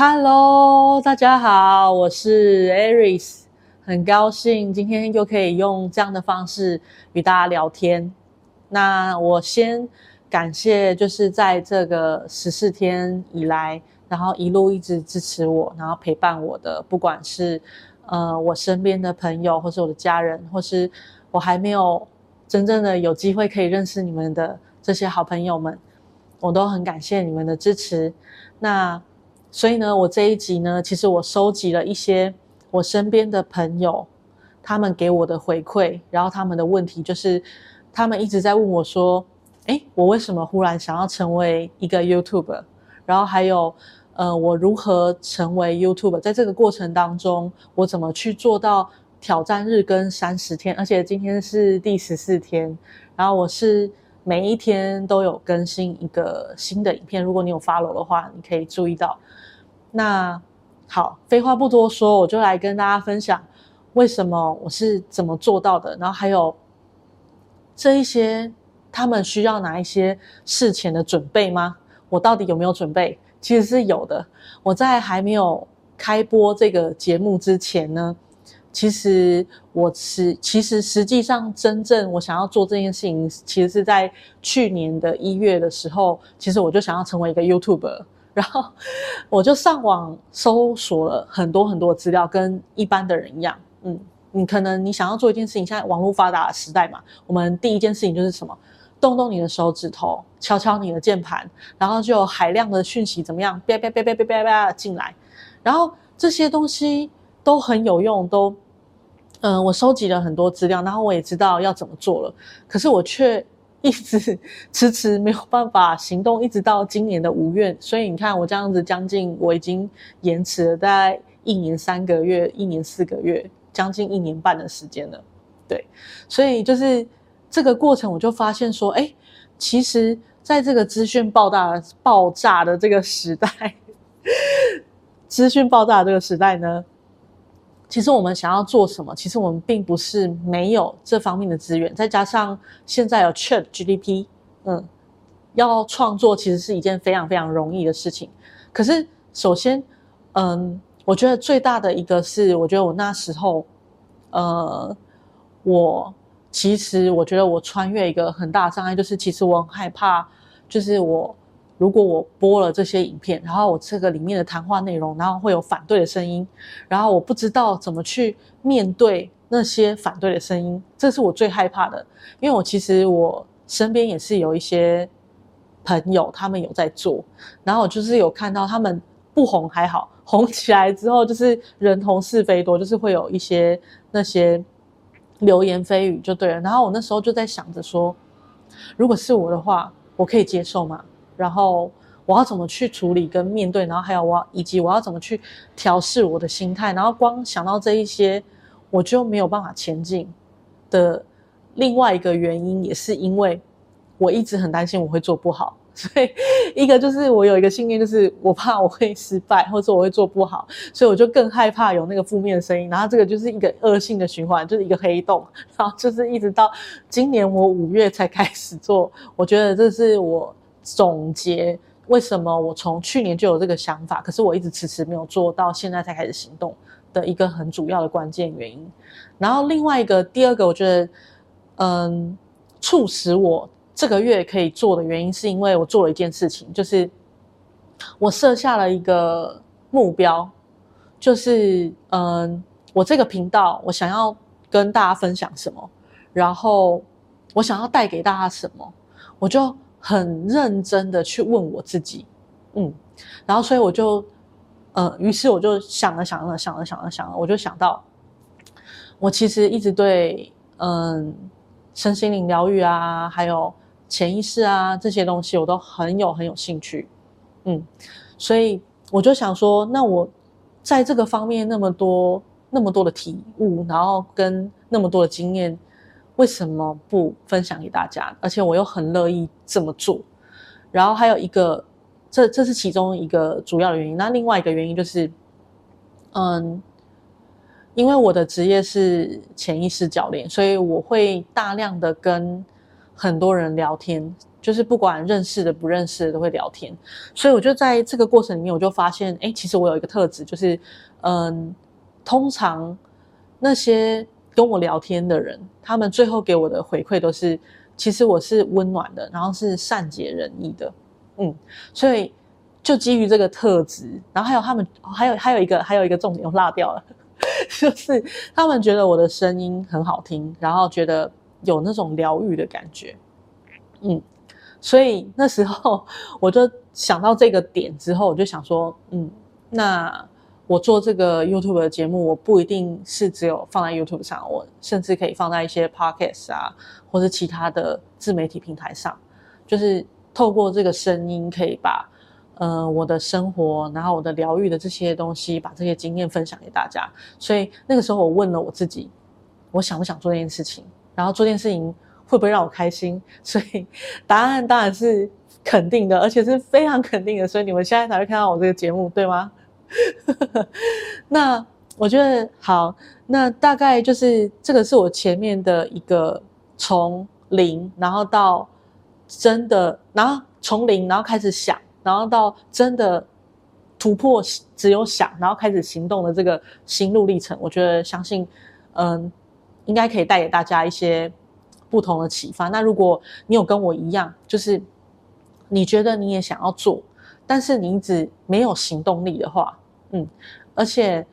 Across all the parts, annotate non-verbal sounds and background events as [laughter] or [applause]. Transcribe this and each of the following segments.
Hello，大家好，我是 Ares，很高興今天又可以用這樣的方式與大家聊天。那我先感謝，就是在這個十四天以來，然後一路一直支持我，然後陪伴我的，不管是呃我身邊的朋友，或是我的家人，或是我還沒有真正的有機會可以認識你們的這些好朋友們，我都很感謝你們的支持。那所以呢，我這一集呢，其實我收集了一些我身邊的朋友，他們給我的回饋，然後他們的問題就是，他們一直在問我說：“哎，我為什麼忽然想要成為一個 YouTuber？” 然後還有，呃，我如何成為 YouTuber？在這個過程當中，我怎麼去做到挑戰日更三十天？而且今天是第十四天，然後我是每一天都有更新一個新的影片。如果你有 follow 的話，你可以注意到。那好，廢話不多說，我就來跟大家分享為什麼我是怎麼做到的。然後還有這一些，他們需要哪一些事前的準備嗎？我到底有沒有準備？其實是有的。我在還沒有開播這個節目之前呢，其實我是其實實際上真正我想要做這件事情，其實是在去年的一月的時候，其實我就想要成為一個 YouTuber。然後我就上網搜索了很多很多資料，跟一般的人一樣。嗯，你可能你想要做一件事情，現在網絡發達的時代嘛，我們第一件事情就是什麼，動動你的手指頭，敲敲你的鍵盤，然後就海量的訊息怎麼樣，叭叭叭叭叭叭進來。然後這些東西都很有用，都，嗯、呃，我收集了很多資料，然後我也知道要怎麼做了，可是我卻。一直遲遲沒有辦法行動，一直到今年的五月，所以你看我這樣子，將近我已經延遲了大概一年三個月、一年四個月，將近一年半的時間了。對，所以就是這個過程，我就發現說，哎，其實在這個資訊爆炸、爆炸的這個時代，資訊爆炸這個時代呢。其實我們想要做什麼，其實我們並不是沒有這方面的資源，再加上現在有 ChatGPT，嗯，要創作其實是一件非常非常容易的事情。可是，首先，嗯，我覺得最大的一個是，是我覺得我那時候，呃，我其實我覺得我穿越一個很大的障礙，就是其實我很害怕，就是我。如果我播了這些影片，然後我這個裡面的談話內容，然後會有反對的聲音，然後我不知道怎麼去面對那些反對的聲音，這是我最害怕的。因為我其實我身邊也是有一些朋友，他們有在做，然後我就是有看到他們不紅還好，紅起來之後就是人紅是非多，就是會有一些那些流言蜚語就對了。然後我那時候就在想着說，如果是我的話，我可以接受嗎？然後我要怎麼去處理跟面對，然後還有我以及我要怎麼去調試我的心態，然後光想到這一些，我就沒有辦法前進的另外一個原因，也是因為我一直很擔心我會做不好，所以一個就是我有一個信念，就是我怕我會失敗，或者我會做不好，所以我就更害怕有那個負面的聲音，然後這個就是一個惡性的循環，就是一個黑洞，然後就是一直到今年我五月才開始做，我覺得這是我。總結為什麼我從去年就有這個想法，可是我一直遲遲沒有做到，現在才開始行動的一個很主要的關鍵原因。然後另外一個第二個，我覺得，嗯，促使我這個月可以做的原因，是因為我做了一件事情，就是我設下了一個目標，就是嗯，我這個頻道我想要跟大家分享什麼，然後我想要帶給大家什麼，我就。很認真的去問我自己，嗯，然後所以我就，呃，於是我就想了想了想了想了想了，我就想到，我其實一直對，嗯，身心靈療癒啊，還有潛意識啊這些東西，我都很有很有興趣，嗯，所以我就想說，那我在這個方面那麼多那麼多的體悟，然後跟那麼多的經驗。為什麼不分享給大家？而且我又很樂意這麼做。然後還有一個，這這是其中一個主要的原因。那另外一個原因就是，嗯，因為我的職業是潛意識教練，所以我會大量的跟很多人聊天，就是不管認識的不認識的都會聊天。所以我就在這個過程裡面，我就發現，哎，其實我有一個特質，就是嗯，通常那些。跟我聊天的人，他們最後給我的回饋都是，其實我是溫暖的，然後是善解人意的，嗯，所以就基於這個特質，然後還有他們，哦、還有還有一個，還有一個重點我落掉了，就是他們覺得我的聲音很好聽，然後覺得有那種療癒的感覺，嗯，所以那時候我就想到這個點之後，我就想說，嗯，那。我做這個 YouTube 的節目，我不一定是只有放在 YouTube 上，我甚至可以放在一些 Podcast 啊，或是其他的自媒體平台上，就是透過這個聲音，可以把嗯、呃、我的生活，然後我的療癒的這些東西，把這些經驗分享給大家。所以那個時候我問了我自己，我想不想做這件事情？然後做這件事情會不會讓我開心？所以答案當然是肯定的，而且是非常肯定的。所以你們現在才會看到我這個節目，對嗎？ [laughs] 那我覺得好，那大概就是這個是我前面的一個從零，然後到真的，然後從零，然後開始想，然後到真的突破，只有想，然後開始行動的這個心路歷程。我覺得相信，嗯、呃，應該可以帶給大家一些不同的啟發。那如果你有跟我一樣，就是你覺得你也想要做。但是你一直沒有行動力的話，嗯，而且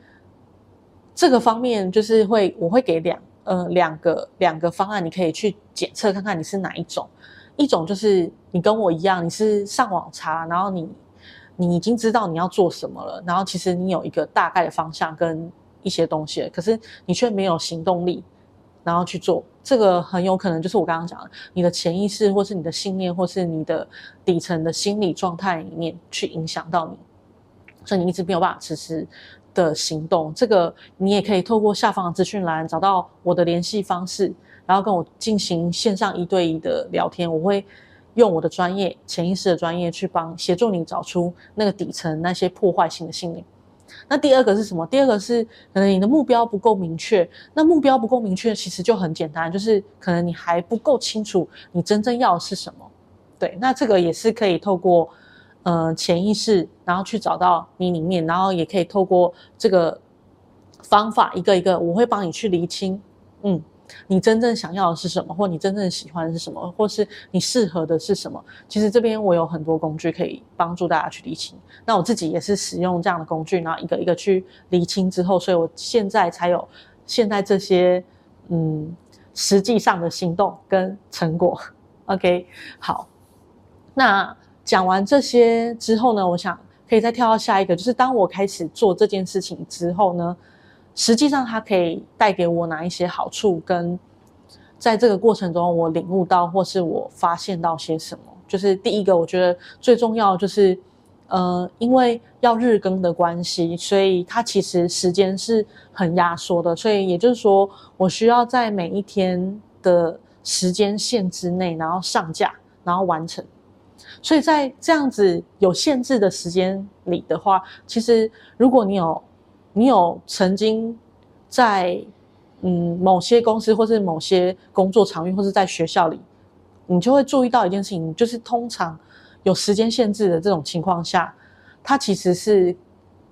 這個方面就是會，我會給兩，呃，兩個兩個方案，你可以去檢測看看你是哪一種。一種就是你跟我一樣，你是上網查，然後你你已經知道你要做什麼了，然後其實你有一個大概的方向跟一些東西，可是你卻沒有行動力，然後去做。這個很有可能就是我剛剛講的，你的潛意識，或是你的信念，或是你的底層的心理狀態裡面去影響到你，所以你一直沒有辦法持續的行動。這個你也可以透過下方的資訊欄找到我的聯繫方式，然後跟我進行線上一對一的聊天，我會用我的專業潛意識的專業去幫協助你找出那個底層那些破壞性的信念。那第二個是什麼？第二個是可能你的目標不夠明確。那目標不夠明確，其實就很簡單，就是可能你還不夠清楚你真正要的是什麼。對，那這個也是可以透過，嗯、呃，潛意識，然後去找到你裡面，然後也可以透過這個方法一個一個，我會幫你去釐清，嗯。你真正想要的是什麼，或你真正喜歡的是什麼，或是你適合的是什麼？其實這邊我有很多工具可以幫助大家去理清。那我自己也是使用這樣的工具，然後一個一個去理清之後，所以我現在才有現在這些嗯實際上的行動跟成果。OK，好。那講完這些之後呢，我想可以再跳到下一個，就是當我開始做這件事情之後呢。實際上，它可以帶給我哪一些好處？跟在這個過程中，我領悟到或是我發現到些什麼？就是第一個，我覺得最重要就是，呃，因為要日更的關係，所以它其實時間是很壓縮的。所以也就是說，我需要在每一天的時間限制之內，然後上架，然後完成。所以在這樣子有限制的時間裡的話，其實如果你有。你有曾經在嗯某些公司，或是某些工作場域，或是在學校裡，你就會注意到一件事情，就是通常有時間限制的這種情況下，它其實是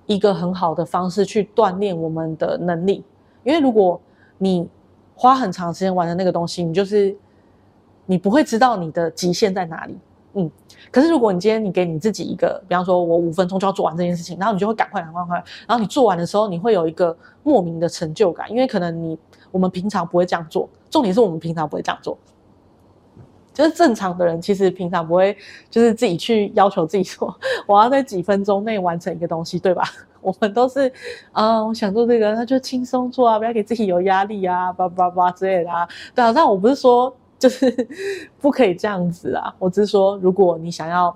一個很好的方式去鍛鍊我們的能力，因為如果你花很長時間玩的那個東西，你就是你不會知道你的極限在哪裡，嗯。可是，如果你今天你給你自己一個，比方說，我五分鐘就要做完這件事情，然後你就會趕快、趕快、趕快趕，然後你做完的時候，你會有一個莫名的成就感，因為可能你我們平常不會這樣做，重點是我們平常不會這樣做，就是正常的人其實平常不會，就是自己去要求自己說，我要在幾分鐘內完成一個東西，對吧？我們都是，啊、呃，我想做這個，那就輕鬆做啊，不要給自己有壓力啊，叭叭叭之類的啊。對啊，但我不是說。就是不可以這樣子啊！我只是說，如果你想要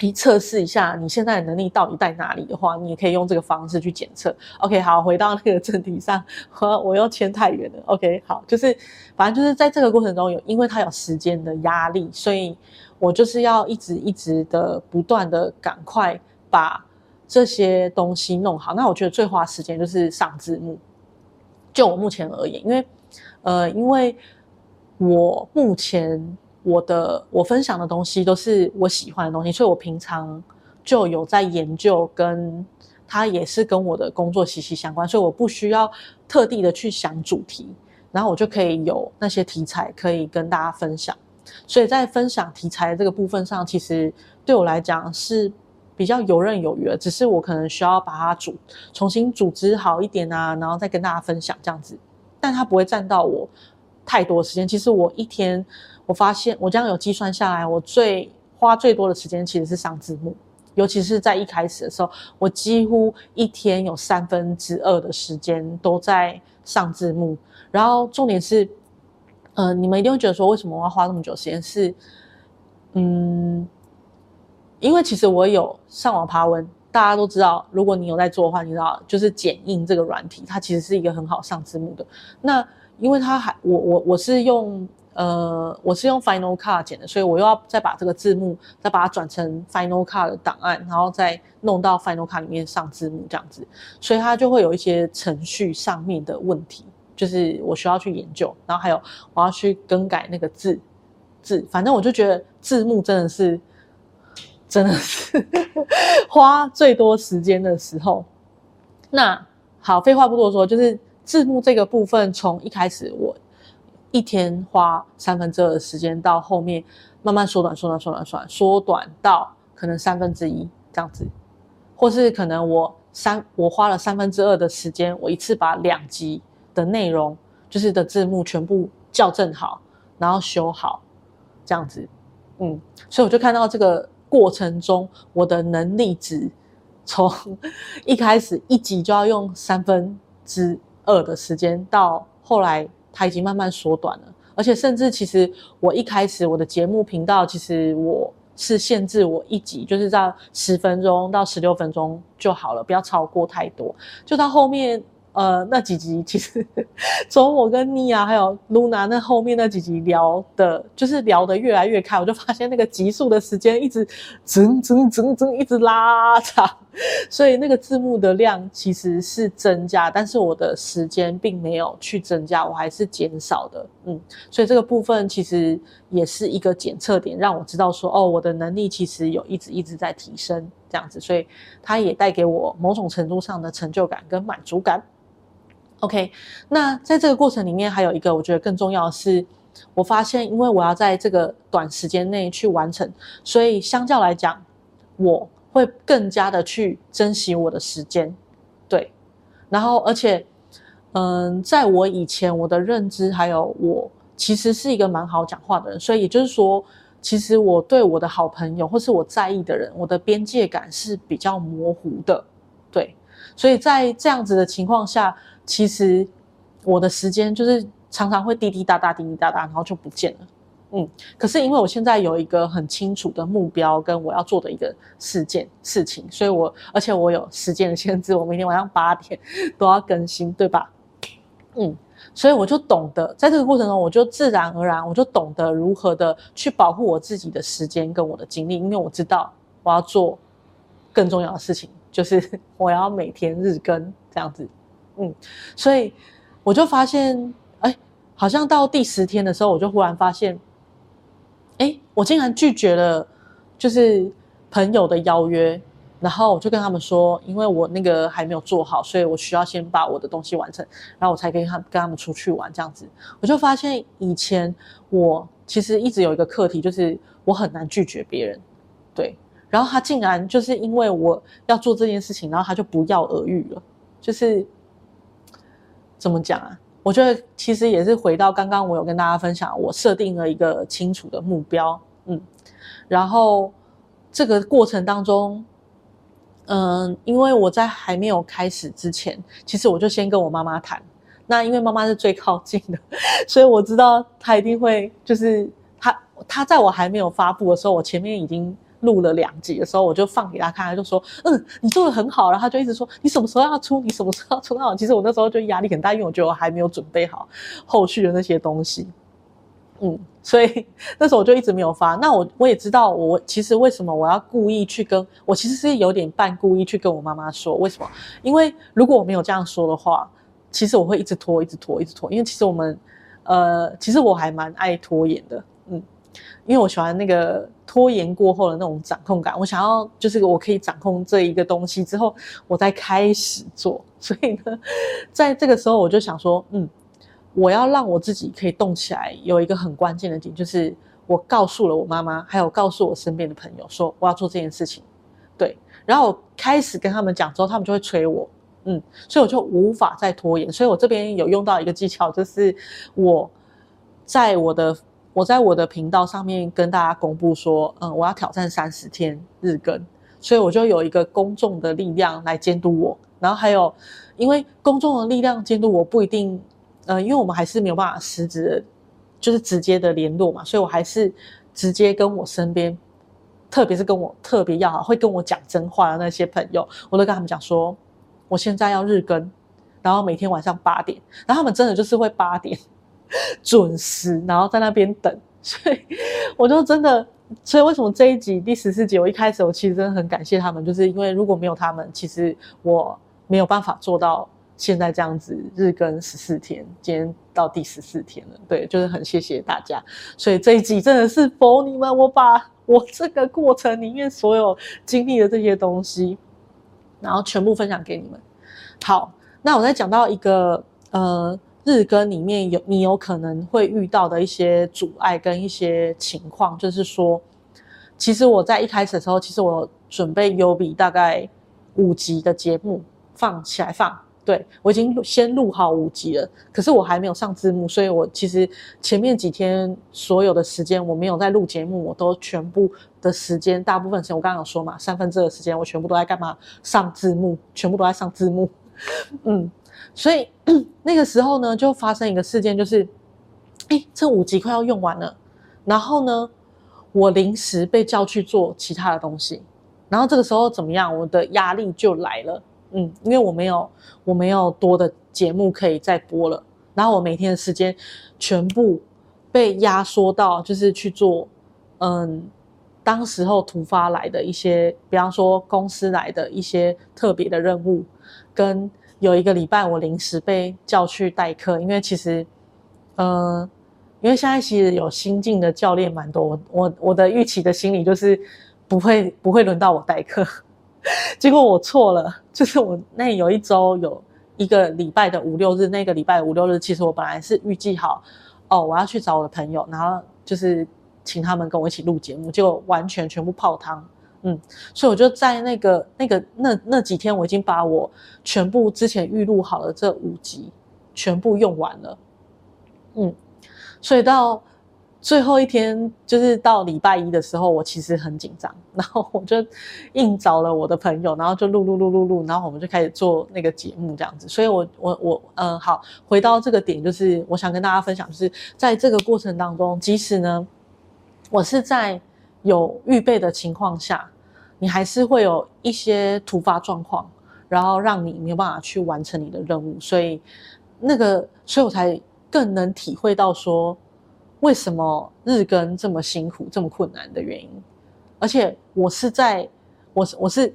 一測試一下你現在的能力到底在哪裡的話，你也可以用這個方式去檢測。OK，好，回到那個正題上，呵，我又牽太遠了。OK，好，就是反正就是在這個過程中有，因為它有時間的壓力，所以我就是要一直一直的不斷的趕快把這些東西弄好。那我覺得最花時間就是上字幕，就我目前而言，因為呃，因為。我目前我的我分享的東西都是我喜歡的東西，所以我平常就有在研究，跟它也是跟我的工作息息相關，所以我不需要特地的去想主題，然後我就可以有那些題材可以跟大家分享。所以在分享題材這個部分上，其實對我來講是比較游刃有餘的。只是我可能需要把它組重新組織好一點啊，然後再跟大家分享這樣子，但它不會佔到我。太多時間，其實我一天，我發現我這樣有計算下來，我最花最多的時間其實是上字幕，尤其是在一開始的時候，我幾乎一天有三分之二的時間都在上字幕。然後重點是，呃，你們一定會覺得說，為什麼我要花那麼久的時間？是，嗯，因為其實我有上網爬文。大家都知道，如果你有在做的話，你知道，就是剪映這個軟體，它其實是一個很好上字幕的那，因為它還我我我是用呃，我是用 Final Cut 剪的，所以我又要再把這個字幕再把它轉成 Final Cut 的檔案，然後再弄到 Final Cut 裡面上字幕這樣子，所以它就會有一些程序上面的問題，就是我需要去研究，然後還有我要去更改那個字字，反正我就覺得字幕真的是真的是花最多時間的時候。那好，廢話不多說，就是。字幕這個部分，從一開始我一天花三分之二的時間，到後面慢慢縮短、縮短、縮短、縮短，縮短到可能三分之一這樣子，或是可能我三我花了三分之二的時間，我一次把兩集的內容就是的字幕全部校正好，然後修好這樣子，嗯，所以我就看到這個過程中我的能力值，從一開始一集就要用三分之。二的時間到後來，它已經慢慢縮短了。而且甚至其實，我一開始我的節目頻道，其實我是限制我一集就是在十分鐘到十六分鐘就好了，不要超過太多。就到後面，呃，那幾集其實從我跟妮亞還有露娜那後面那幾集聊的，就是聊得越來越開，我就發現那個集數的時間一直整整整整一直拉長。所以那個字幕的量其實是增加，但是我的時間並沒有去增加，我還是減少的。嗯，所以這個部分其實也是一個檢測點，讓我知道說，哦，我的能力其實有一直一直在提升，這樣子，所以它也帶給我某種程度上的成就感跟滿足感。OK，那在這個過程裡面，還有一個我覺得更重要的是，我發現因為我要在這個短時間內去完成，所以相較來講，我，會更加的去珍惜我的時間，對，然後而且，嗯，在我以前我的認知還有我其實是一個蠻好講話的人，所以也就是說，其實我對我的好朋友或是我在意的人，我的邊界感是比較模糊的，對，所以在這樣子的情況下，其實我的時間就是常常會滴滴答答、滴滴答答，然後就不見了。嗯，可是因為我現在有一個很清楚的目標跟我要做的一個事件事情，所以我而且我有時間的限制，我每天晚上八點都要更新，對吧？嗯，所以我就懂得在這個過程中，我就自然而然，我就懂得如何的去保護我自己的時間跟我的精力，因為我知道我要做更重要的事情，就是我要每天日更這樣子。嗯，所以我就發現，哎、欸，好像到第十天的時候，我就忽然發現。誒，我竟然拒絕了，就是朋友的邀約，然後我就跟他們說，因為我那個還沒有做好，所以我需要先把我的東西完成，然後我才跟他跟他們出去玩這樣子。我就發現以前我其實一直有一個課題，就是我很難拒絕別人，對。然後他竟然就是因為我要做這件事情，然後他就不藥而癒了，就是怎麼講啊？我覺得其實也是回到剛剛我有跟大家分享，我設定了一個清楚的目標，嗯，然後這個過程當中，嗯、呃，因為我在還沒有開始之前，其實我就先跟我媽媽談，那因為媽媽是最靠近的，所以我知道她一定會就是她，她在我還沒有發布的時候，我前面已經。錄了兩集的時候，我就放給他看，他就說：“嗯，你做得很好。”然後他就一直說：“你什麼時候要出？你什麼時候要出？”那我其實我那時候就壓力很大，因為我覺得我還沒有準備好後續的那些東西。嗯，所以那時候我就一直沒有發。那我我也知道我，我其實為什麼我要故意去跟我其實是有點半故意去跟我媽媽說為什麼？因為如果我沒有這樣說的話，其實我會一直拖，一直拖，一直拖。因為其實我們呃，其實我還蠻愛拖延的。嗯。因為我喜歡那個拖延過後的那種掌控感，我想要就是我可以掌控這一個東西之後，我再開始做。所以呢，在這個時候我就想說，嗯，我要讓我自己可以動起來。有一個很關鍵的點就是，我告訴了我媽媽，還有告訴我身邊的朋友，說我要做這件事情。對，然後我開始跟他們講之後，他們就會催我，嗯，所以我就無法再拖延。所以我這邊有用到一個技巧，就是我在我的。我在我的頻道上面跟大家公布說，嗯，我要挑戰三十天日更，所以我就有一個公眾的力量來監督我。然後還有，因為公眾的力量監督我不一定，呃，因為我們還是沒有辦法實質的，就是直接的聯絡嘛，所以我還是直接跟我身邊，特別是跟我特別要好、會跟我講真話的那些朋友，我都跟他們講說，我現在要日更，然後每天晚上八點，然後他們真的就是會八點。準時，然後在那邊等，所以我就真的，所以為什麼這一集第十四集，我一開始我其實真的很感謝他們，就是因為如果沒有他們，其實我沒有辦法做到現在這樣子日更十四天，今天到第十四天了，對，就是很謝謝大家，所以這一集真的是否你們，我把我這個過程裡面所有經歷的這些東西，然後全部分享給你們。好，那我再講到一個呃。日更裡面有你有可能會遇到的一些阻礙跟一些情況，就是說，其實我在一開始的時候，其實我準備有比大概五集的節目放起來放，對我已經先錄好五集了，可是我還沒有上字幕，所以我其實前面幾天所有的時間我沒有在錄節目，我都全部的時間大部分時間我剛剛有說嘛，三分之二的時間我全部都在幹嘛？上字幕，全部都在上字幕，嗯。所以那個時候呢，就發生一個事件，就是，哎、欸，這五集快要用完了，然後呢，我臨時被叫去做其他的東西，然後這個時候怎麼樣，我的壓力就來了，嗯，因為我沒有我沒有多的節目可以再播了，然後我每天的時間全部被壓縮到，就是去做，嗯，當時候突發來的一些，比方說公司來的一些特別的任務跟。有一個禮拜，我臨時被叫去代課，因為其實，嗯、呃，因為現在其實有新進的教練蠻多，我我我的預期的心理就是不會不會輪到我代課，結果我錯了，就是我那有一周有一個禮拜的五六日，那個禮拜五六日，其實我本來是預計好，哦，我要去找我的朋友，然後就是請他們跟我一起錄節目，就完全全部泡湯。嗯，所以我就在那個、那個、那那幾天，我已經把我全部之前預錄好了這五集全部用完了。嗯，所以到最後一天，就是到禮拜一的時候，我其實很緊張，然後我就硬找了我的朋友，然後就錄、錄、錄、錄、錄，然後我們就開始做那個節目這樣子。所以，我、我、我，嗯、呃，好，回到這個點，就是我想跟大家分享，就是在這個過程當中，即使呢，我是在有預備的情況下。你還是會有一些突發狀況，然後讓你沒有辦法去完成你的任務，所以那個，所以我才更能體會到說，為什麼日更這麼辛苦、這麼困難的原因。而且我是在我我是我是，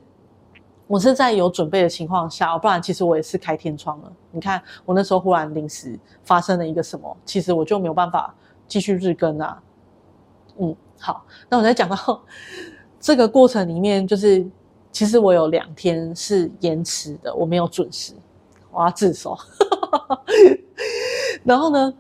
我是在有準備的情況下，不然其實我也是開天窗了。你看我那時候忽然臨時發生了一個什麼，其實我就沒有辦法繼續日更啊。嗯，好，那我再講到、這個過程裡面，就是其實我有兩天是延遲的，我沒有準時，我要自首。 [laughs] 然後呢，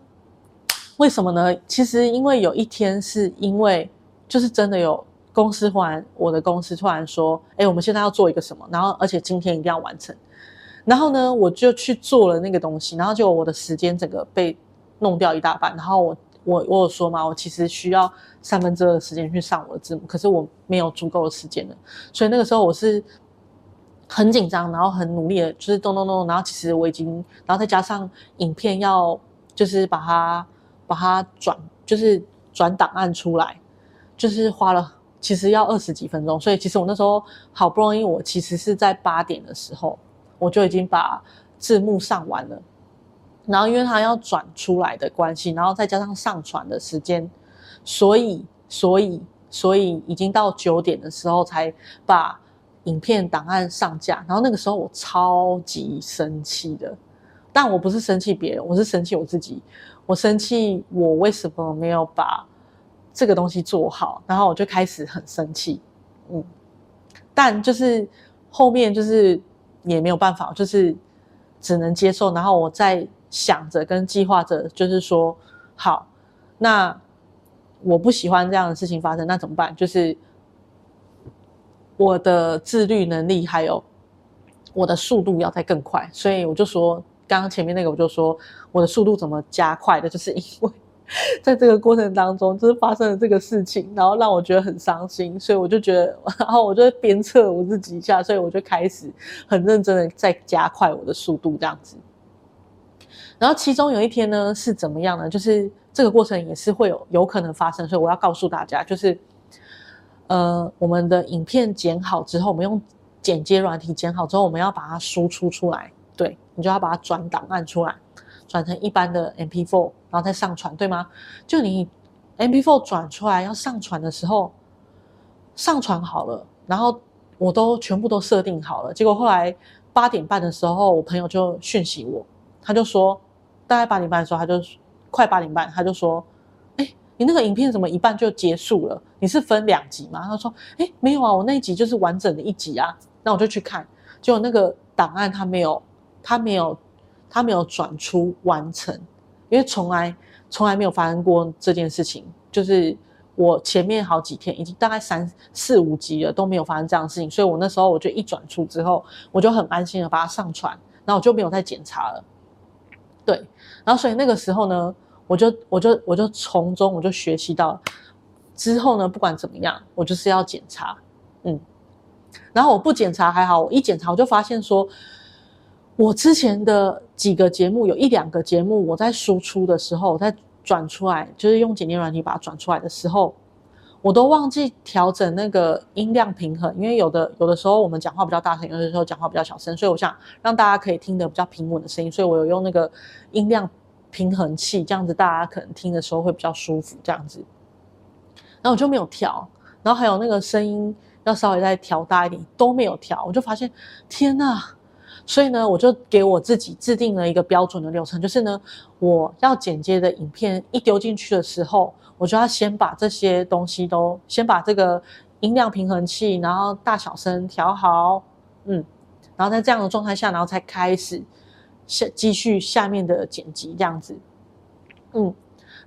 為什麼呢？其實因為有一天是因為就是真的有公司忽然，我的公司突然說，哎，我們現在要做一個什麼，然後而且今天一定要完成。然後呢，我就去做了那個東西，然後結果我的時間整個被弄掉一大半，然後我。我我有說嘛，我其實需要三分之二的時間去上我的字幕，可是我沒有足夠的時間了，所以那個時候我是很緊張，然後很努力的，就是咚咚咚，然後其實我已經，然後再加上影片要就是把它把它轉，就是轉檔案出來，就是花了其實要二十幾分鐘，所以其實我那時候好不容易，我其實是在八點的時候，我就已經把字幕上完了。然後，因為他要轉出來的關係，然後再加上上傳的時間，所以，所以，所以已經到九點的時候才把影片檔案上架。然後那個時候我超級生氣的，但我不是生氣別人，我是生氣我自己。我生氣我為什麼沒有把這個東西做好，然後我就開始很生氣。嗯，但就是後面就是也沒有辦法，就是只能接受。然後我在。想着跟計劃着，就是說好，那我不喜歡這樣的事情發生，那怎麼辦？就是我的自律能力，還有我的速度要再更快。所以我就說，剛剛前面那個，我就說我的速度怎麼加快的，就是因為在這個過程當中，就是發生了這個事情，然後讓我覺得很傷心。所以我就覺得，然後我就鞭策我自己一下，所以我就開始很認真的在加快我的速度，這樣子。然後其中有一天呢是怎麼樣呢？就是這個過程也是會有有可能發生，所以我要告訴大家，就是，呃，我們的影片剪好之後，我們用剪接軟體剪好之後，我們要把它輸出出來，對，你就要把它轉檔案出來，轉成一般的 MP4，然後再上傳，對嗎？就你 MP4 轉出來要上傳的時候，上傳好了，然後我都全部都設定好了，結果後來八點半的時候，我朋友就訊息我，他就說。大概八點半的時候，他就快八點半，他就說：“欸，你那個影片怎麼一半就結束了？你是分兩集嗎？”他說：“欸，沒有啊，我那一集就是完整的一集啊。”那我就去看，結果那個檔案他沒有，他沒有，他沒有轉出完成，因為從來從來沒有發生過這件事情。就是我前面好幾天，已經大概三四五集了，都沒有發生這樣的事情，所以我那時候我就一轉出之後，我就很安心的把它上傳，然後我就沒有再檢查了。對。然後，所以那個時候呢，我就我就我就從中我就學習到，之後呢，不管怎麼樣，我就是要檢查，嗯，然後我不檢查還好，我一檢查我就發現說，我之前的幾個節目有一兩個節目，我在輸出的時候，我在轉出來，就是用剪輯軟體把它轉出來的時候。我都忘記調整那個音量平衡，因為有的有的時候我們講話比較大聲，有的時候講話比較小聲，所以我想讓大家可以聽得比較平穩的聲音，所以我有用那個音量平衡器，這樣子大家可能聽的時候會比較舒服。這樣子，然後我就沒有調，然後還有那個聲音要稍微再調大一點都沒有調，我就發現天哪！所以呢，我就給我自己制定了一個標準的流程，就是呢，我要剪接的影片一丟進去的時候。我就要先把這些東西都先把這個音量平衡器，然後大小聲調好，嗯，然後在這樣的狀態下，然後才開始下繼續下面的剪輯這樣子，嗯，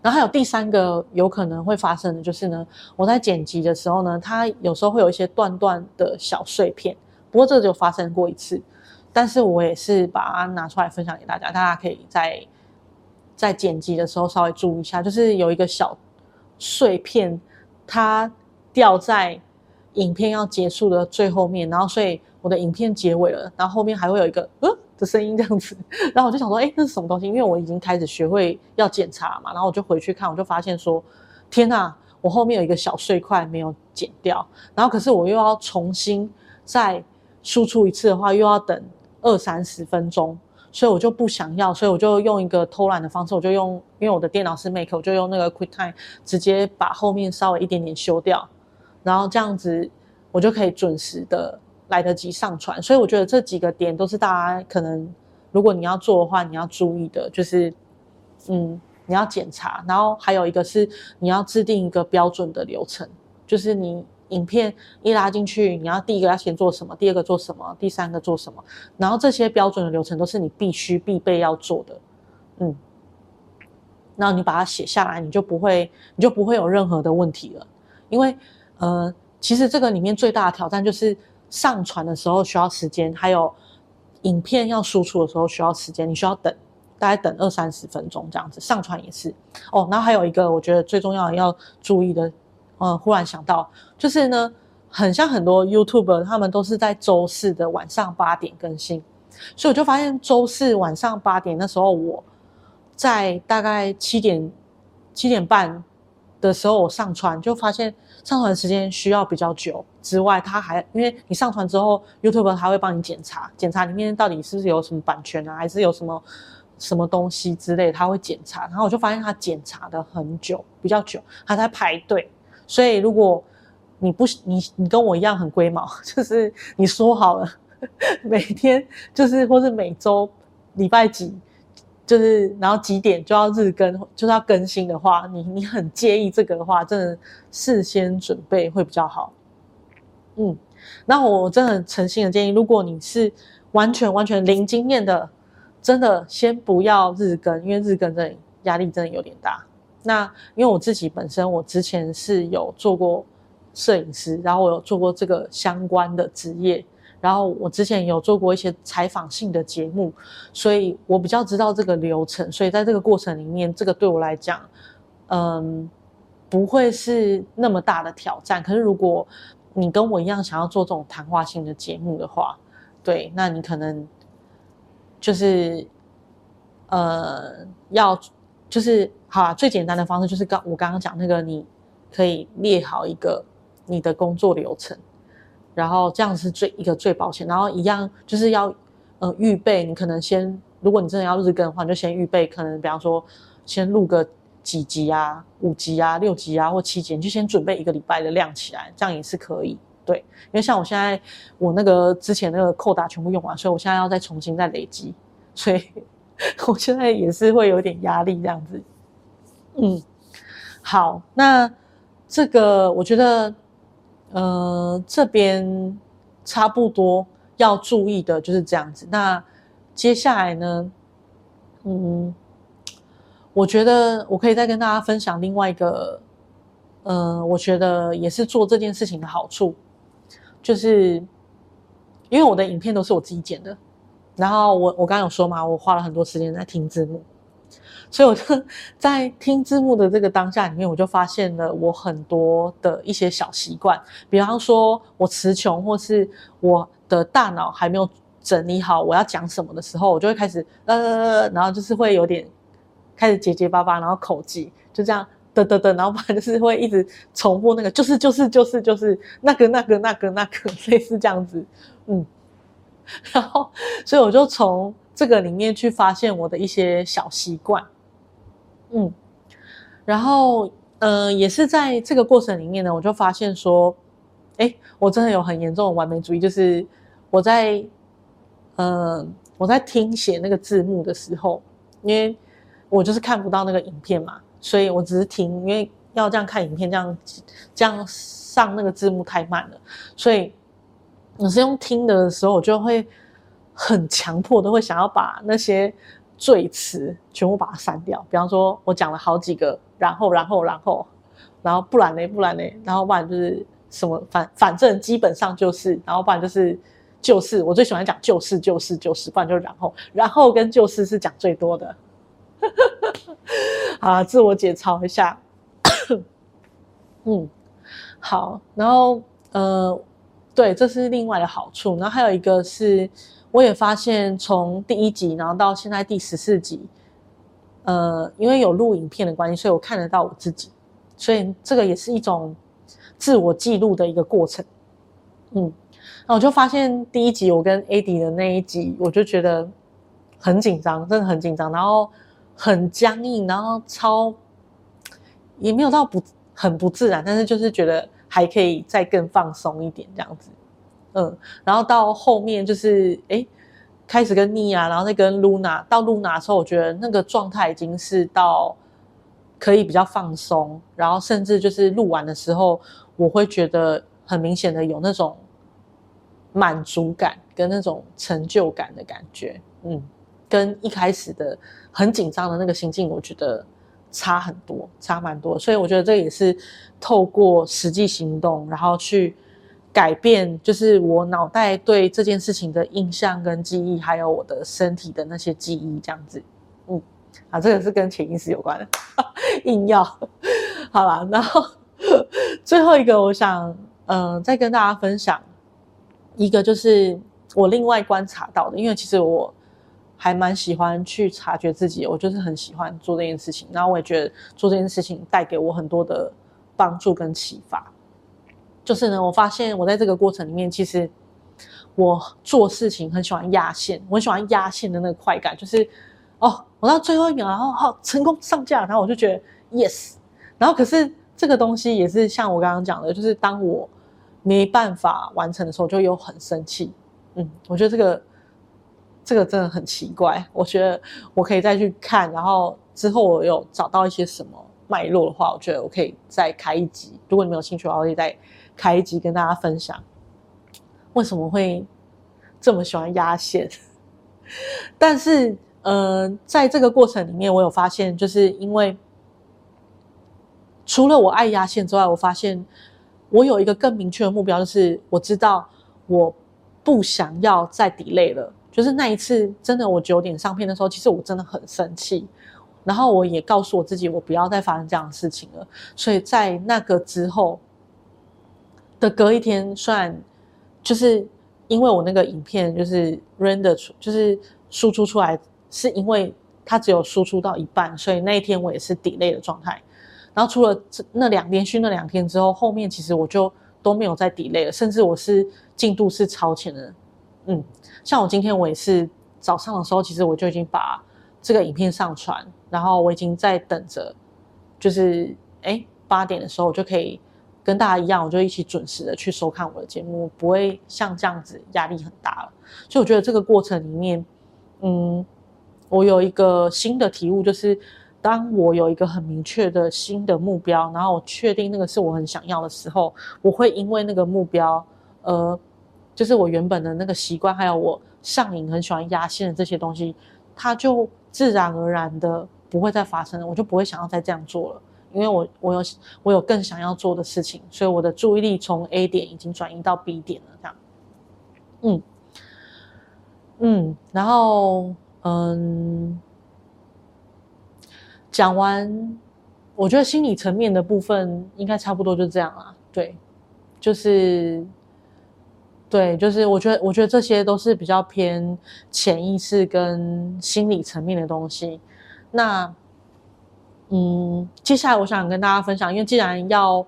然後還有第三個有可能會發生的，就是呢，我在剪輯的時候呢，它有時候會有一些斷斷的小碎片，不過這個就發生過一次，但是我也是把它拿出來分享給大家，大家可以在在剪輯的時候稍微注意一下，就是有一個小碎片，它掉在影片要結束的最後面，然後所以我的影片結尾了，然後後面還會有一個呃的聲音這樣子，然後我就想說，哎，那是什麼東西？因為我已經開始學會要檢查了嘛，然後我就回去看，我就發現說，天哪，我後面有一個小碎塊沒有剪掉，然後可是我又要重新再輸出一次的話，又要等二三十分鐘。所以我就不想要，所以我就用一個偷懶的方式，我就用，因為我的電腦是 Mac，我就用那個 QuickTime 直接把後面稍微一點點修掉，然後這樣子我就可以準時的來得及上傳。所以我覺得這幾個點都是大家可能，如果你要做的話，你要注意的，就是嗯，你要檢查，然後還有一個是你要制定一個標準的流程，就是你。影片一拉進去，你要第一個要先做什麼？第二個做什麼？第三個做什麼？然後這些標準的流程都是你必須必備要做的，嗯，然後你把它寫下來，你就不會你就不會有任何的問題了。因為呃，其實這個裡面最大的挑戰就是上傳的時候需要時間，還有影片要輸出的時候需要時間，你需要等大概等二三十分鐘這樣子，上傳也是哦。然後還有一個我覺得最重要要注意的。嗯，忽然想到，就是呢，很像很多 YouTuber，他們都是在周四的晚上八點更新，所以我就發現周四晚上八點那時候，我在大概七點七點半的時候我上傳，就發現上傳時間需要比較久。之外，他還因為你上傳之後，YouTube 還會幫你檢查，檢查裡面到底是不是有什麼版權啊，還是有什麼什麼東西之類，他會檢查。然後我就發現他檢查的很久，比較久，他在排隊。所以，如果你不你你跟我一樣很龜毛，就是你說好了，每天就是或是每週禮拜幾，就是然後幾點就要日更，就是要更新的話，你你很介意這個的話，真的事先準備會比較好。嗯，那我真的很誠心的建議，如果你是完全完全零經驗的，真的先不要日更，因為日更真的壓力真的有點大。那因為我自己本身，我之前是有做過攝影師，然後我有做過這個相關的職業，然後我之前有做過一些採訪性的節目，所以我比較知道這個流程。所以在這個過程裡面，這個對我來講，嗯、呃，不會是那麼大的挑戰。可是如果你跟我一樣想要做這種談話性的節目的話，對，那你可能就是呃，要就是。好啊，最簡單的方式就是剛我剛剛講那個，你可以列好一個你的工作流程，然後這樣是最一個最保險。然後一樣就是要呃預備，你可能先，如果你真的要日更的話，你就先預備，可能比方說先錄個幾集啊，五集啊，六集啊或七集，你就先準備一個禮拜的量起來，這樣也是可以。對，因為像我現在我那個之前那個扣打全部用完，所以我現在要再重新再累積，所以我現在也是會有點壓力這樣子。嗯，好，那這個我覺得，呃，這邊差不多要注意的就是這樣子。那接下來呢，嗯，我覺得我可以再跟大家分享另外一個，呃，我覺得也是做這件事情的好處，就是因為我的影片都是我自己剪的，然後我我剛剛有說嘛，我花了很多時間在聽字幕。所以我就在聽字幕的這個當下裡面，我就發現了我很多的一些小習慣，比方說我詞窮，或是我的大腦還沒有整理好我要講什麼的時候，我就會開始呃，然後就是會有點開始結結巴巴，然後口技就這樣的的的，然後反正就是會一直重複那個，就是就是就是就是那個那個那個那個、那個，類似這樣子，嗯，然後所以我就從這個裡面去發現我的一些小習慣。嗯，然後嗯、呃，也是在這個過程裡面呢，我就發現說，哎，我真的有很嚴重的完美主義，就是我在嗯、呃、我在聽寫那個字幕的時候，因為我就是看不到那個影片嘛，所以我只是聽，因為要這樣看影片，這樣這樣上那個字幕太慢了，所以我是用聽的時候，我就會很強迫，都會想要把那些。贅詞全部把它刪掉。比方說我講了好幾個，然後然後然後，然後，然後不然呢？不然呢？然後不然，然後不然就是什麼反反正，基本上就是，然後不然就是就是我最喜歡講就是就是就是，不然就是然後然後跟就是是講最多的。啊， [laughs] 自我解嘲一下。 [coughs] 嗯，好，然後呃，對，這是另外的好處。然後還有一個是。我也發現，從第一集然後到現在第十四集，呃，因為有錄影片的關係，所以我看得到我自己，所以這個也是一種自我記錄的一個過程。嗯，然後我就發現第一集我跟 Adi 的那一集，我就覺得很緊張，真的很緊張，然後很僵硬，然後超也沒有到不很不自然，但是就是覺得還可以再更放鬆一點這樣子。嗯，然後到後面就是哎，開始跟妮婭，然後再跟露娜。到露娜的時候，我覺得那個狀態已經是到可以比較放鬆，然後甚至就是錄完的時候，我會覺得很明顯的有那種滿足感跟那種成就感的感覺。嗯，跟一開始的很緊張的那個心境，我覺得差很多，差蠻多。所以我覺得這也是透過實際行動，然後去。改變就是我腦袋對這件事情的印象跟記憶，還有我的身體的那些記憶，這樣子，嗯，啊，這個是跟潛意識有關的， [laughs] 硬要，好啦，然後最後一個，我想，嗯、呃，再跟大家分享一個，就是我另外觀察到的，因為其實我還蠻喜歡去察覺自己，我就是很喜歡做這件事情，然後我也覺得做這件事情帶給我很多的幫助跟啟發。就是呢，我發現我在這個過程裡面，其實我做事情很喜歡壓線，我很喜歡壓線的那個快感，就是哦，我到最後一秒，然後好成功上架，然後我就覺得 yes，然後可是這個東西也是像我剛剛講的，就是當我沒辦法完成的時候，就又很生氣。嗯，我覺得這個這個真的很奇怪，我覺得我可以再去看，然後之後我有找到一些什麼脈絡的話，我覺得我可以再開一集。如果你有興趣的話，我可以再。開一集跟大家分享，為什麼會這麼喜歡壓線？ [laughs] 但是，嗯，呃，在這個過程裡面，我有發現，就是因為除了我愛壓線之外，我發現我有一個更明確的目標，就是我知道我不想要再 delay 了。就是那一次，真的我九點上片的時候，其實我真的很生氣，然後我也告訴我自己，我不要再發生這樣的事情了。所以在那個之後。隔一天算，就是因為我那個影片，就是 render 出，就是輸出出來，是因為它只有輸出到一半，所以那一天我也是 delay 的狀態。然後除了那兩天，續那兩天之後，後面其實我就都沒有再 delay 了，甚至我是進度是超前的。嗯，像我今天我也是早上的時候，其實我就已經把這個影片上傳，然後我已經在等着，就是哎，八點的時候我就可以。跟大家一樣，我就一起準時的去收看我的節目，我不會像這樣子壓力很大了。所以我覺得這個過程裡面，嗯，我有一個新的體悟，就是當我有一個很明確的新的目標，然後我確定那個是我很想要的時候，我會因為那個目標，呃，就是我原本的那個習慣，還有我上癮很喜歡壓線的這些東西，它就自然而然的不會再發生了，我就不會想要再這樣做了。因為我我有我有更想要做的事情，所以我的注意力從 A 點已經轉移到 B 點了。這樣，嗯嗯，然後嗯，講完，我覺得心理層面的部分應該差不多就這樣啦。對，就是對，就是我覺得我覺得這些都是比較偏潛意識跟心理層面的東西。那。嗯，接下來我想跟大家分享，因為既然要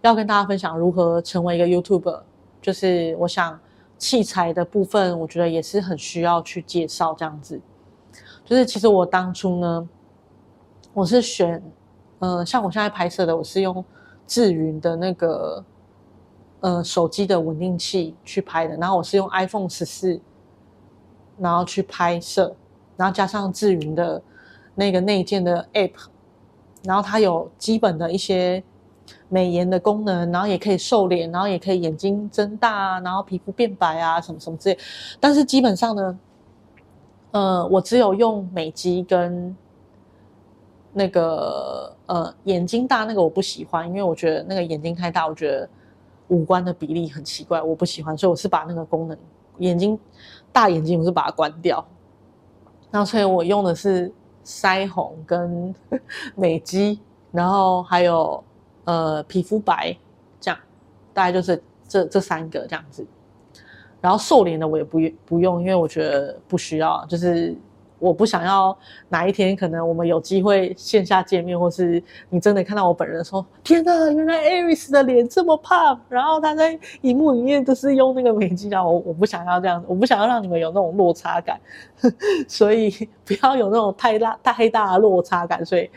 要跟大家分享如何成為一個 YouTuber，就是我想器材的部分，我覺得也是很需要去介紹這樣子。就是其實我當初呢，我是選，嗯、呃，像我現在拍攝的，我是用智雲的那個，呃，手機的穩定器去拍的，然後我是用 iPhone 十四，然後去拍攝，然後加上智雲的那個內建的 App。然後它有基本的一些美顏的功能，然後也可以瘦臉，然後也可以眼睛睜大，然後皮膚變白啊，什麼什麼之類。但是基本上呢，呃，我只有用美肌跟那個呃眼睛大，那個我不喜歡，因為我覺得那個眼睛太大，我覺得五官的比例很奇怪，我不喜歡，所以我是把那個功能，眼睛大眼睛，我是把它關掉。然後所以我用的是，腮紅跟美肌，然後還有呃皮膚白，這樣大概就是這這三個這樣子。然後瘦臉的我也不不用，因為我覺得不需要，就是。我不想要哪一天可能我們有機會線下見面，或是你真的看到我本人說：“天哪，原來 Ares 的臉這麼胖。”然後他在熒幕裡面都是用那個美肌啊，我我不想要這樣，我不想要讓你們有那種落差感，呵呵所以不要有那種太大太大的落差感。所以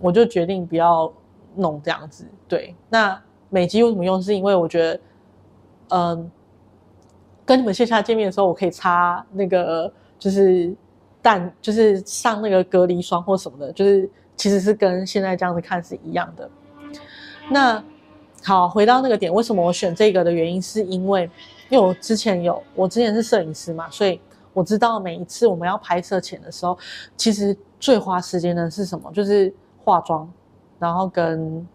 我就決定不要弄這樣子。對，那美肌為什麼用？是因為我覺得，嗯、呃，跟你們線下見面的時候，我可以擦那個就是。但就是上那個隔離霜或什麼的，就是其實是跟現在這樣子看是一樣的。那好，回到那個點，為什麼我選這個的原因，是因為因為我之前有，我之前是攝影師嘛，所以我知道每一次我們要拍攝前的時候，其實最花時間的是什麼？就是化妝，然後跟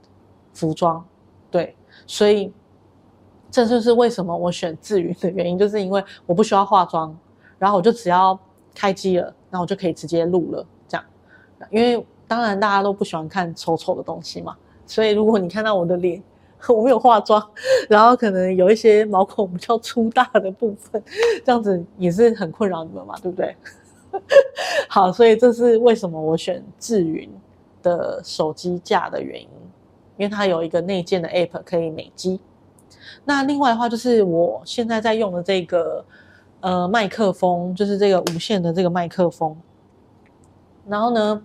服裝。對，所以這就是為什麼我選自娛的原因，就是因為我不需要化妝，然後我就只要開機了。那我就可以直接錄了，這樣，因為當然大家都不喜歡看醜丑的東西嘛，所以如果你看到我的臉，我沒有化妝，然後可能有一些毛孔比較粗大的部分，這樣子也是很困擾你們嘛，對不對？好，所以這是為什麼我選智雲的手機架的原因，因為它有一個內建的 App 可以美肌。那另外的話，就是我現在在用的這個。呃，麥克風就是這個無線的這個麥克風，然後呢，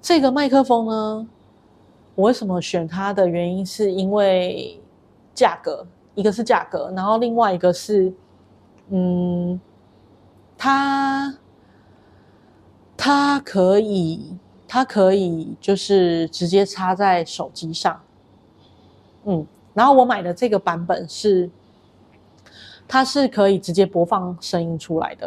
這個麥克風呢，我為什麼選它的原因是因為價格，一個是價格，然後另外一個是，嗯，它，它可以，它可以就是直接插在手機上，嗯，然後我買的這個版本是。它是可以直接播放聲音出來的，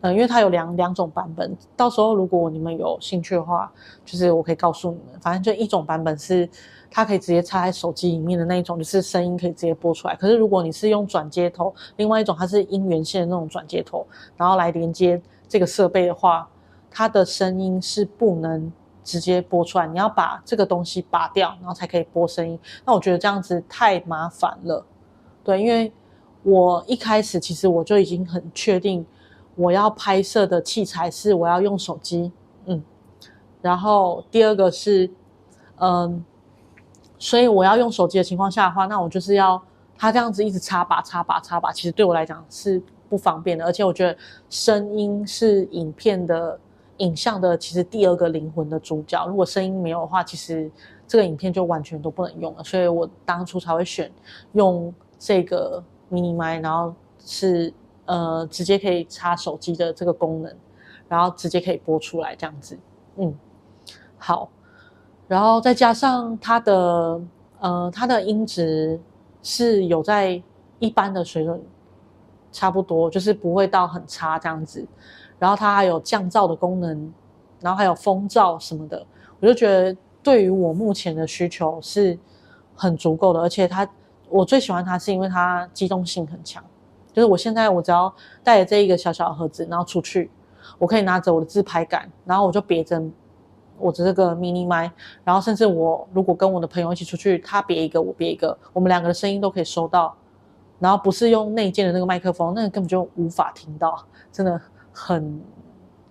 嗯、呃，因為它有兩兩種版本，到時候如果你們有興趣的話，就是我可以告訴你們，反正就一種版本是它可以直接插在手機裡面的那一種，就是聲音可以直接播出來。可是如果你是用轉接頭，另外一種它是音源線的那種轉接頭，然後來連接這個設備的話，它的聲音是不能直接播出來，你要把這個東西拔掉，然後才可以播聲音。那我覺得這樣子太麻煩了，對，因為。我一開始其實我就已經很確定，我要拍攝的器材是我要用手機，嗯，然後第二個是，嗯，所以我要用手機的情況下的話，那我就是要它這樣子一直插拔插拔插拔，其實對我來講是不方便的，而且我覺得聲音是影片的影像的，其實第二個靈魂的主角，如果聲音沒有的話，其實這個影片就完全都不能用了，所以我當初才會選用這個。mini mic，然後是呃直接可以插手機的這個功能，然後直接可以播出來這樣子，嗯，好，然後再加上它的呃它的音質是有在一般的水準，差不多就是不會到很差這樣子，然後它還有降噪的功能，然後還有風噪什麼的，我就覺得對於我目前的需求是很足夠的，而且它。我最喜歡它是因為它機動性很強，就是我現在我只要帶着這一個小小盒子，然後出去，我可以拿着我的自拍桿，然後我就別着我的這個 mini 麥，然後甚至我如果跟我的朋友一起出去，他別一個我別一個，我們兩個的聲音都可以收到，然後不是用內建的那個麥克風，那個根本就無法聽到，真的很。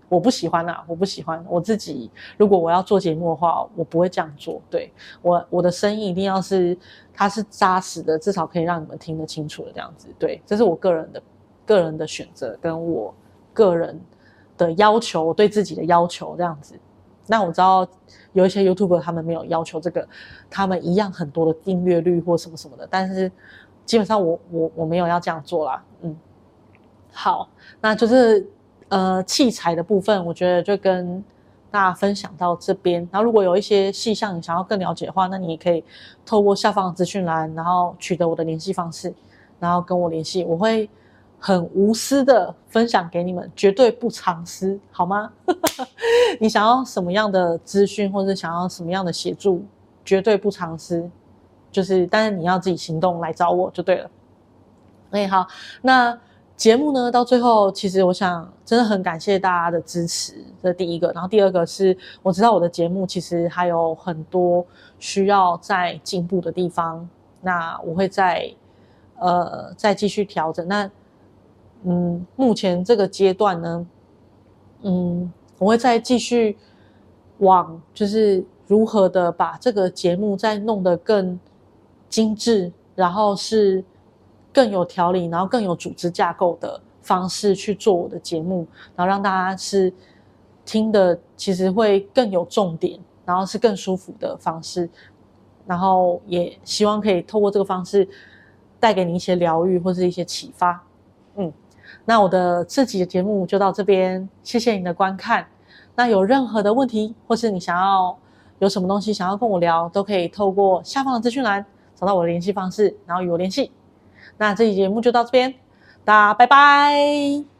我不喜歡啦、啊，我不喜歡我自己。如果我要做節目的話，我不會這樣做。對，我，我的聲音一定要是它是紮實的，至少可以讓你們聽得清楚的這樣子。對，這是我個人的個人的選擇，跟我個人的要求，我對自己的要求這樣子。那我知道有一些 YouTuber 他們沒有要求這個，他們一樣很多的訂閱率或什麼什麼的，但是基本上我我我沒有要這樣做啦。嗯，好，那就是。呃，器材的部分，我覺得就跟大家分享到這邊。然後，如果有一些細項你想要更了解的話，那你也可以透過下方的資訊欄，然後取得我的聯繫方式，然後跟我聯繫，我會很無私的分享給你們，絕對不藏私，好嗎？ [laughs] 你想要什麼樣的資訊，或者想要什麼樣的協助，絕對不藏私，就是，但是你要自己行動來找我就對了。哎，好，那。節目呢，到最後其實我想真的很感謝大家的支持，這第一個。然後第二個是，我知道我的節目其實還有很多需要再進步的地方，那我會再呃再繼續調整。那嗯，目前這個階段呢，嗯，我會再繼續往就是如何的把這個節目再弄得更精緻，然後是。更有條理，然後更有組織架構的方式去做我的節目，然後讓大家是聽的，其實會更有重點，然後是更舒服的方式，然後也希望可以透過這個方式帶給你一些療癒或是一些啟發。嗯，那我的這集的節目就到這邊，謝謝你的觀看。那有任何的問題，或是你想要有什麼東西想要跟我聊，都可以透過下方的資訊欄找到我的聯繫方式，然後與我聯繫。那這期節目就到這邊，大家拜拜。